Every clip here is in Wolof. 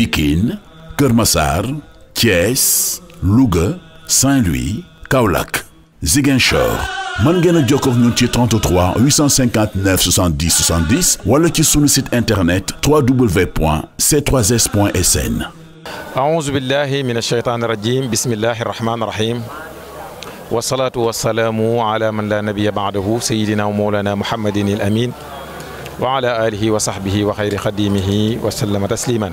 Pikine Kër Massar Thiès Louga Saint-Louis Kaolack Ziguinchor mën ngeen a jokkoo ak ñun ci 33 859 70 70 wala ci sunu site internet www.c3s.sn aouzu billahi min asheytaani rajim bismillahi rahmaani rahim wasalaatu wasalaamu ala man laa nabiya baadahu sayidina wa mawlana muhammadin al amin wa ala alihi wa sahbihi wa xayri xadimihi wa sallama tasliman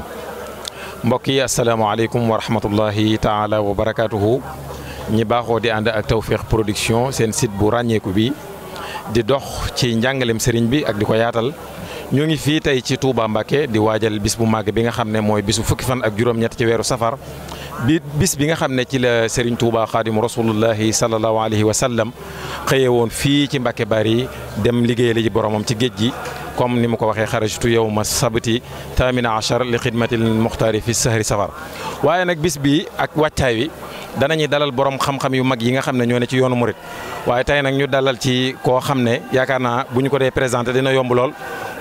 mbokk yi asalaamaaleykum wa rahmatullahi taala wa barakaatuhu ñi baaxoo di ànd ak Tawfekh Production seen sit bu ràññeeku bi di dox ci njàngalem sëriñ bi ak di ko yaatal ñoo ngi fii tey ci Touba Mbacké di waajal bis bu màgg bi nga xam ne mooy bisu fukki fan ak juróom-ñett ci weeru safar bi bis bi nga xam ne ci la Serigne Touba xaadimu rasulullahi sallallahu alayhi wa sallam xëye woon fii ci Mbacké Bari dem liggéeyale ji boromam ci géej gi comme ni mu ko waxee xarajtu yow ma sabti tamina achar li xidmatil muxtaari fi sahri safar waaye nag bis bi ak wàccaay wi danañu dalal borom xam-xam yu mag yi nga xam ne ñoo ne ci yoonu mu rek waaye tey nag ñu dalal ci koo xam ne yaakaar naa bu ñu ko dee présenté dina yomb lool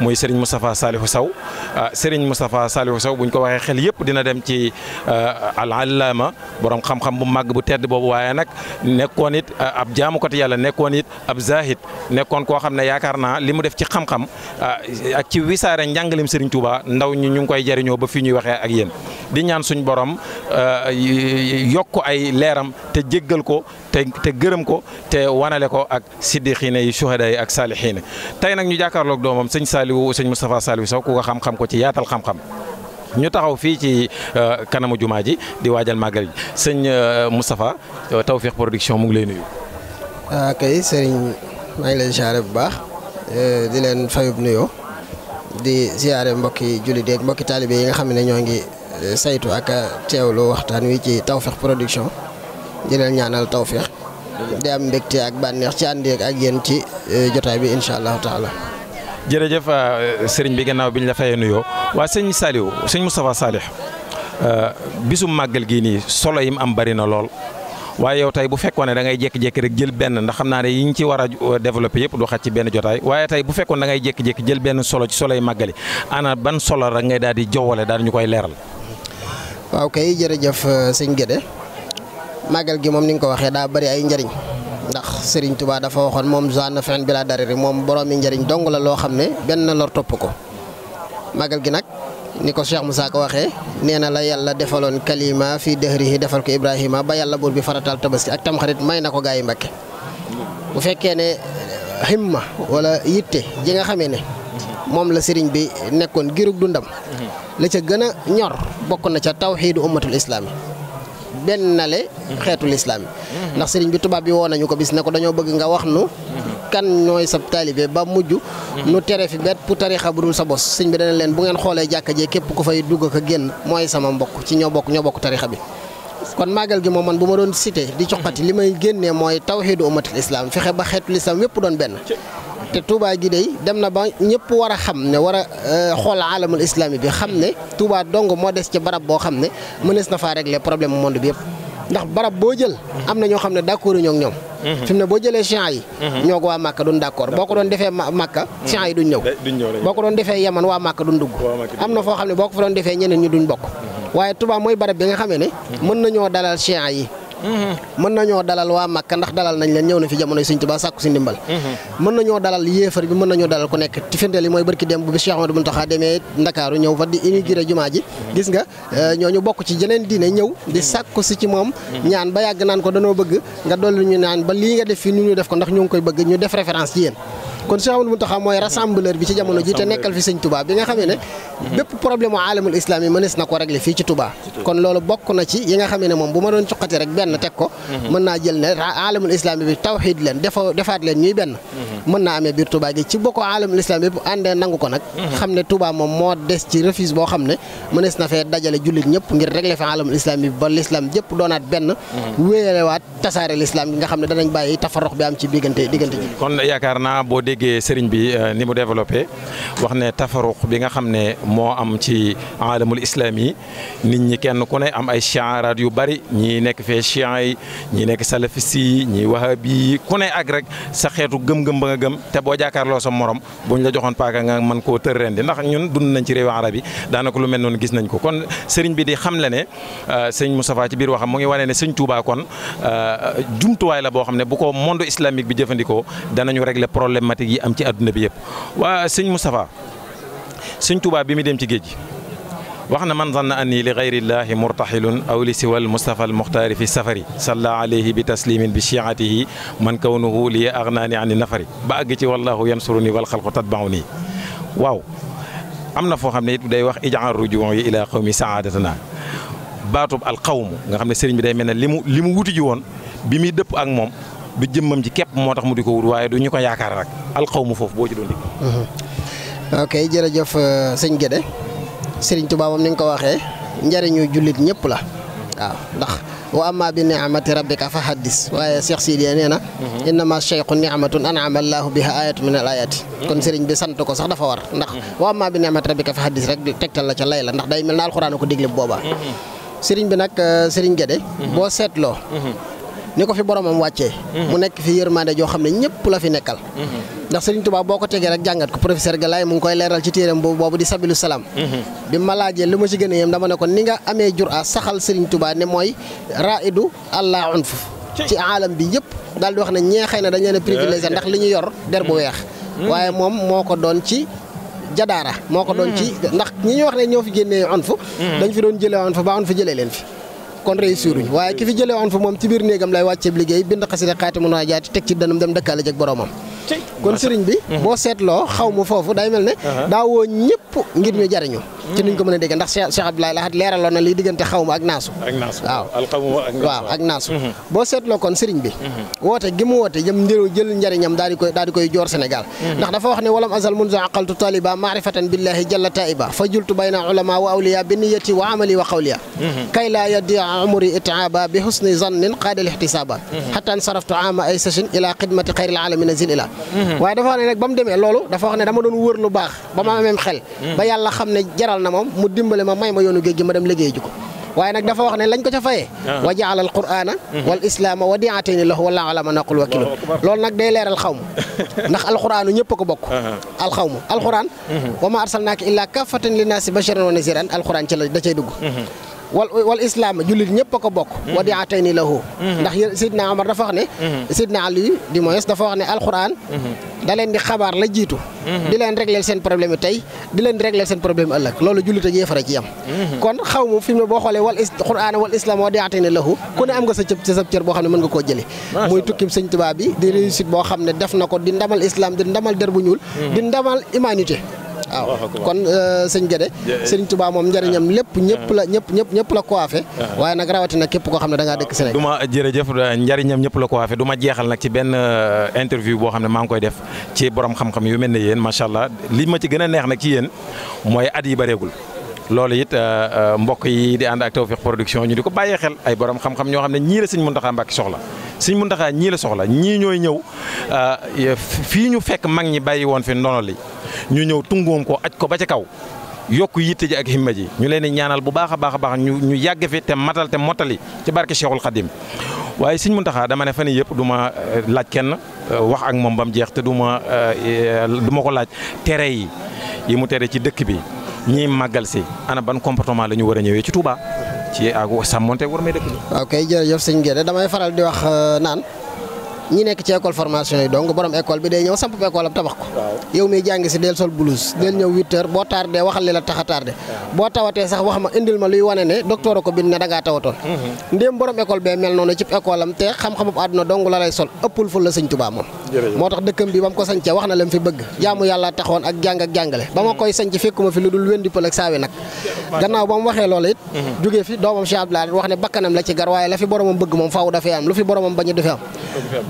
muy Serigne Moustapha saw Sow ah, Serigne Moustapha Salihu Sow buñ ko waxee xel yëpp dina dem ci ah, al allaama borom xam-xam bu màgg bu tedd boobu waaye nag nekkoon it ah, ab jaamukati yàlla nekkoon it ab zahid nekkoon koo xam ne yaakaar naa li mu def ci xam-xam ak ci wisaare njàngalim Serigne Touba ndaw ñi ñu ngi koy jariñoo ba fii ñuy waxee ak yéen di ñaan suñ borom yokk ay leeram te jéggal ko te te gërëm ko te wanale ko ak siddiqiina yi suhada yi ak saalihiina tey nag ñu jàkkaarloog doomam sëñ Saliou sëñ Moustapha Saliou Sow ku ko xam-xam ko ci yaatal xam-xam. ñu taxaw fii ci euh, kanamu jumaa ji di waajal màggal ji sëñ euh, Moustapha euh, Tawfekh Production mu ngi lay nuyu. ah kay sëriñ maa ngi leen siyaare bu baax di leen fayub nuyoo di siyaare mbokki jullit yeeg mbokki taalibe yi nga xam ne ñoo ngi saytu ak teewlu waxtaan wi ci Tawfekh Production. di leen ñaanal tawféex di am mbégte ak bànneex ci ànd ak yéen ci eh, jotaay bi incha allahu taala. jërëjëf euh, sëriñ bi bi ñu la fayee nuyoo waa sëñ Saliou sëñ Moustapha Salih euh, bisum màggal gii nii solo yim am bari na lool waaye yow tey bu fekkoon ne da ngay jékki-jékki rek jël benn ndax xam naa ne yi war a euh, développé yëpp du xaj ci benn jotaay waaye tey bu fekkoon da ngay jékki jël benn solo ci solo yi màggali ana ban solo rek ngay daal di jowale daal ñu koy leeral. waaw kay jërëjëf sëñ Guédé màggal gi moom ni nga ko waxee daa bari ay njariñ ndax Serigne tubaa dafa waxoon moom Zane Fane bi laa darari moom boroomi njariñ dong la loo xam ne benn lor topp ko màggal gi nag ni ko mu saa ko waxee nee na la yàlla defaloon kalima fii dëhrihi defal ko Ibrahima ba yàlla buur bi faratal tabaski ak tamxarit may na ko gaa yi Mbàkke bu fekkee ne himma wala yitte ji nga xamee ne moom la sëriñ bi nekkoon girug dundam mhm. la ca gën a ñor bokk na ca tawxiidu ummatul islaam benn bennale xeetu lislaam yi ndax sëriñ bi tubaab bi woo nañu ko bis ne ko dañoo bëgg nga wax nu kan ñooy sab taalibee ba mujj nu tere fi bet pour tarixa bu dul sa bos sëriñ bi dana leen bu ngeen xoolee jàkka jee képp ku fay dugg ko génn mooy sama mbokk ci ñoo bokk ñoo bokk tarixa bi kon màggal gi moom man bu ma doon cité di coqati li may génnee mooy taw tawxiidu umatil islam fexe ba xeetu lislaam yépp doon benn te Touba gi dey dem na ba ñëpp war a xam ne war a euh, xool alamul islami bi xam ne Touba dong moo des ci barab boo xam ne mënees na faa régler problème monde bi yëpp ndax barab boo jël am na ñoo xam ne d'accord ñoo ak ñoom mhm. fi mu ne boo jëlee chiites yi mhm. ñoo ko waa Màkka duñ d'accord boo ko doon defee Màkka mhm. chiites yi duñ ñëw boo ko doon defee Yaman waa Màkka duñ dugg am na foo xam ne boo ko fa doon defee ñeneen ñu duñ bokk waaye Touba mooy barab bi nga xamee ne mën nañoo dalal chiites yi mën nañoo dalal waa Makka ndax dalal nañ leen ñëw na fi jamonoy Sëñ Tuubaa sàkku si ndimbal mhm. mën nañoo dalal yéefar bi mën nañoo dalal ku nekk ci finteel yi mooy barki dem bi Cheikh Ahmadou Mountakha demee Ndakaaru ñëw fa di inauguré jumaa ji mhm. gis nga euh, ñooñu bokk ci jeneen diine ñëw di mhm. sàkku si ci moom ñaan ba yàgg naan ko danoo bëgg nga dolli ñu naan ba lii nga def fi nu ñu def ko ndax ñu ngi koy bëgg ñu def référence ci yéen kon Cheikh Amadou Mountakha mooy rassembleur bi ci jamono ji te nekkal fi sëñ Touba bi nga xamee bépp problème u alamul islam yi mënees na ko régler fii ci Touba kon loolu bokk na ci yi nga xamee moom bu ma doon cuqati rek benn teg ko mhm. mën naa jël ne alamul islam bi tawxiid leen defa defaat leen ñuy benn mhm. mën naa amee biir Touba gi ci bokk alamul islam yëpp àndee nangu ko nag mhm. xam ne Touba moom moo des ci refuse boo xam ne mënees na fee dajale jullit ñëpp bi ba l'islam ne danañ bàyyi tafarrox bi am ci diggante diggante ji déggee sëriñ bi euh, ni mu développé wax ne tafaruq bi nga xam ne moo am ci alamul islam yi nit ñi kenn ku ne am ay chiaraat yu bari ñii nekk fee chian yi ñii nekk salafiste yi ñii wahabi yi ku ne ak rek sa xeetu gëm-gëm ba nga gëm te boo jàkkaarloo sa morom ñu la joxoon paaka nga mën koo tër ren di ndax ñun dund nañ ci réew arab yi daanaka lu mel noonu gis nañ ko kon sëriñ bi di xam le ne euh, sëriñ Moustapha ci biir waxam mu ngi wane ne sëriñ Touba kon euh, jumtuwaay la boo xam ne bu ko bi jëfandikoo pratique yi am ci adduna bi yëpp waa sëñ Moustapha sëñ Touba bi mu dem ci géej gi wax na man zanna anni li gayrillaahi murtaxilun aw li siwal Moustapha al Muxtaari fi safari salla alayhi bi taslimin bi chiatihi man kawnuhu li agnaani ani nafari ba àgg ci wallahu yansuruni wal xalqu tatbaxu nii waaw am na foo xam ne it day wax ijaan rujuwon yi ilaa qawmi saadatana baatub al qawmu nga xam ne sëriñ bi day mel ne li mu li woon bi muy dëpp ak moom du jëmmam ji képp moo tax mu di ko wut waaye du ñu ko yaakaar nag alxawmu foofu boo ci doon dégg. Uh-huh. ok jërëjëf uh, sëñ Guédé Serigne Touba moom ni nga ko waxee njëriñu jullit ñëpp la waaw ndax. wa amma bi ni'mati rabbika fa haddis waaye Cheikh Sidiya nee na uh-huh. innama cheikhu ni'matun an'ama allahu biha ayatu min al ayati uh-huh. kon sëriñ bi sant ko sax dafa war ndax wa amma bi ni'mati rabbika fa haddis rek tegtal la ca lay la ndax day mel na alxuraan ko digle bu boobaa sëriñ bi nag uh, sëriñ Guédé boo seetloo ni ko fi boromam wàccee. Mhm. mu nekk fi yërmande joo xam ne ñëpp la fi nekkal. Mhm. ndax Serigne Touba boo ko tegee rek jàngat ko professeur Galaye mu ngi koy leeral ci téeram boobu di sabilu salaam. Mhm. bi ma lu ma ci gën a yem dama ne ni nga amee jur a saxal Serigne Touba ne mooy raidu allah unf ci bi yëpp daal di wax ne ñee xëy na dañ leen a privilégié eh. ndax li ñu yor der bu mm. weex. Mm. waaye moom moo ko doon ci. jadaara moo ko doon mm. ci ndax ñi ñu wax ne ñoo fi génnee onf dañ fi doon jëlee onf ba onf jëlee leen fi kon réussiruñ waaye ki fi jëlee woon fa moom ci biir néegam lay wàcceeb liggéey bind xasida xaatimun haajaati teg ci danam dem dëkkaale jeg boromam kon sëriñ bi boo seetloo xaw ma foofu day mel ne uh-huh. daawoo ñëpp ngir ñu jariñu ci nuñ ko mën a déggee ndax Cheikh Abdoulaye Lahad leeraloon na liy diggante xawma ak naasu waaw waaw ak naasu mhm. boo seetloo kon sëriñ bi mhm. woote gi mu woote jëm njëriñ jël njëriñam daal di koy daal di koy joor Sénégal mhm. ndax dafa wax ne walam azal munzu aqaltu taliba maarifatan billahi jalla taiba fa jultu bayna ulama wa awliya bi niyati wa amali wa qawliya kay la a umri itiaba bi husni zannin qaadal ihtisaba hatta saraftu ama ay sachin ila xidmati xayril alamin zil ila waaye dogal na moom mu dimbale ma may ma yoonu géej gi ma dem liggéey ji ko waaye nag dafa wax ne lañ ko ca fayee ah. wa jaala al qur'ana wal islaama wa diatayni lahu wallahu ala ma naqul wakilu loolu nag day leeral xaw ma ndax alqur'anu ñëpp a ko bokk ah. alxaw ma alqur'an mhm. wa ma arsalnaaka illaa kaafatan linnaasi basharan wa naziran alqur'an ci la da cay dugg mhm. wal wal islam jullit ñëpp a ko bokk mhm. wadiatayni lahu mhm. ndax sidna Omar dafa wax ne mhm. sidna Ali di moyes dafa wax ne alquran da leen di xabaar la jiitu di leen régler seen problème yi tey di leen régler seen problème ëllëg loolu jullit ak yéefar ci yam kon xaw ma fi mu boo xoolee wal quran wal islam wadiatayni lahu ku ne am nga sa cëb sa cër boo xam ne mën nga koo jële muy tukkim sëñ Tuubaa bi di réussite boo xam ne def na ko di ndamal islam di ndamal der bu ñuul di ndamal waaw kon euh, sëñ Gédé sëñ Touba moom njariñam ah. lépp ñëpp la ñëpp ñëpp ñëpp la coiffé ah, ah. waaye nag rawatina képp koo xam ne da ngaa dëkk Sénégal du ma jërëjëf njëriñam ñëpp la coiffé du ma jeexal nag ci benn euh, interview boo xam ne maa ngi koy def ci borom xam-xam yu mel ne yéen macha allah li ma ci gën a neex na ki yéen mooy at yi bareegul loolu it euh, euh, mbokk yi di ànd ak Tawfekh Production ñu di ko bàyyee xel ay borom xam-xam ñoo xam ne ñii la sëñ Muntaxa Mbàkke soxla sëñ mun ñii ñiila soxla ñii ñooy ñëw euh, fii ñu fekk mag ñi bàyyi woon fi ndono li ñu ñëw tungoom ko aj ko ba ca kaw yokk yitte ji ak himma ji ñu leen di ñaanal bu baax a baax a baax ñu ñu yàgg fi te matal te mottali ci barke Cheikhul Khadim waaye mun Muntaxa dama ne fan yii yëpp du ma laaj kenn wax ak moom bam jeex te du ma du ma ko laaj yi yi mu ci dëkk bi. ñiy màggal si ana ban comportement la ñu war a ñëwee ci Touba. ci ak sàmmonte war may dëkk di wax euh, naan ñi nekk ci école formation yi donc borom école bi day ñëw samp école am tabax ko. yow jàng si sol blouse del ñëw 8h boo tardé waxal li la tax a tardé. boo tawatee sax wax ma indil ma luy wane ne docteur ko bind ne da ngaa tawatoon. Mhm. ndéem borom école bee mel noonu ci école am te xam-xamu àdduna dong la lay sol ëppul fu la sëñ Touba moom. moo tax dëkkam bi ba mu ko sañcee wax na lam fi bëgg jaamu yàlla taxoon ak jàng ak jàngale ba ma koy sañc fekkuma fi lu dul wendi pël ak saawi nag gannaaw ba mu waxee loola it mhm. jógee fi doomam Cheikh Abdoulaye wax ne bakkanam la ci gar waaye la fi boromam bëgg moom faaw dafay am lu fi boromam bañu dafay am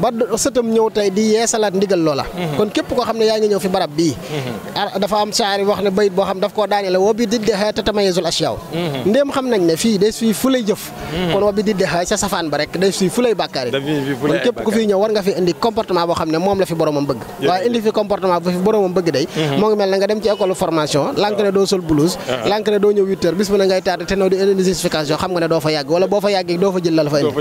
ba sëtam ñëw tey di yeesalaat ndigal loola mhm. kon képp koo xam ne yaa ngi ñëw fi barab bii mhm. dafa am saari wax ne bayit boo xam daf koo daanele woo bi didde xee te tamayesul asiyaw ndéem xam nañ ne fii day fu lay jëf kon woo bi didde xee sa safaan ba rek day fu lay bàkkaar kon képp ku fi ñëw war nga fi indi comportement moom la fi boromam bëgg waaye indi fi comportement bu boromam bëgg day mhm. moo ngi mel na nga dem ci école formation lànk ne doo sol blouse ah, ah. lànk ne doo ñëw huit heures ne ngay tardé te noo di indi justification xam nga ne doo fa yàgg wala boo fa yàgg doo fa jël fa indi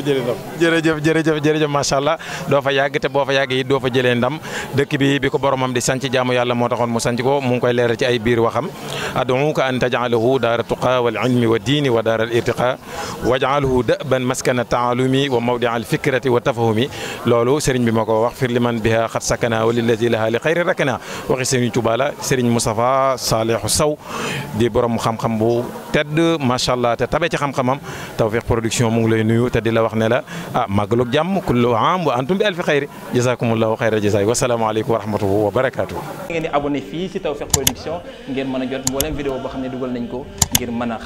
jërëjëf jërëjëf jërëjëf macha allah doo fa yàgg te boo fa yàgg it doo fa jëlee ndam dëkk bi bi ko boromam di sanc jaamu yàlla moo taxoon mu sanc ko mu koy leeral ci ay biir wa diini man biha xat sakana walillazi laha li xayri rakana waxi Serigne Touba la Serigne Moustapha Salihu Sow di borom xam-xam bu tedd macha allah te tabe ci xam-xamam Tawfekh Production mu lay nuyu te di la wax ne la ah màggalug jàmm kullu am wa antum bi alfi xayri jazakumullahu xayra jazaay wasalaamaaleykum wa rahmatullahi wa barakaatu. ngeen di abonné fii ci Tawfekh Production ngeen mën a jot a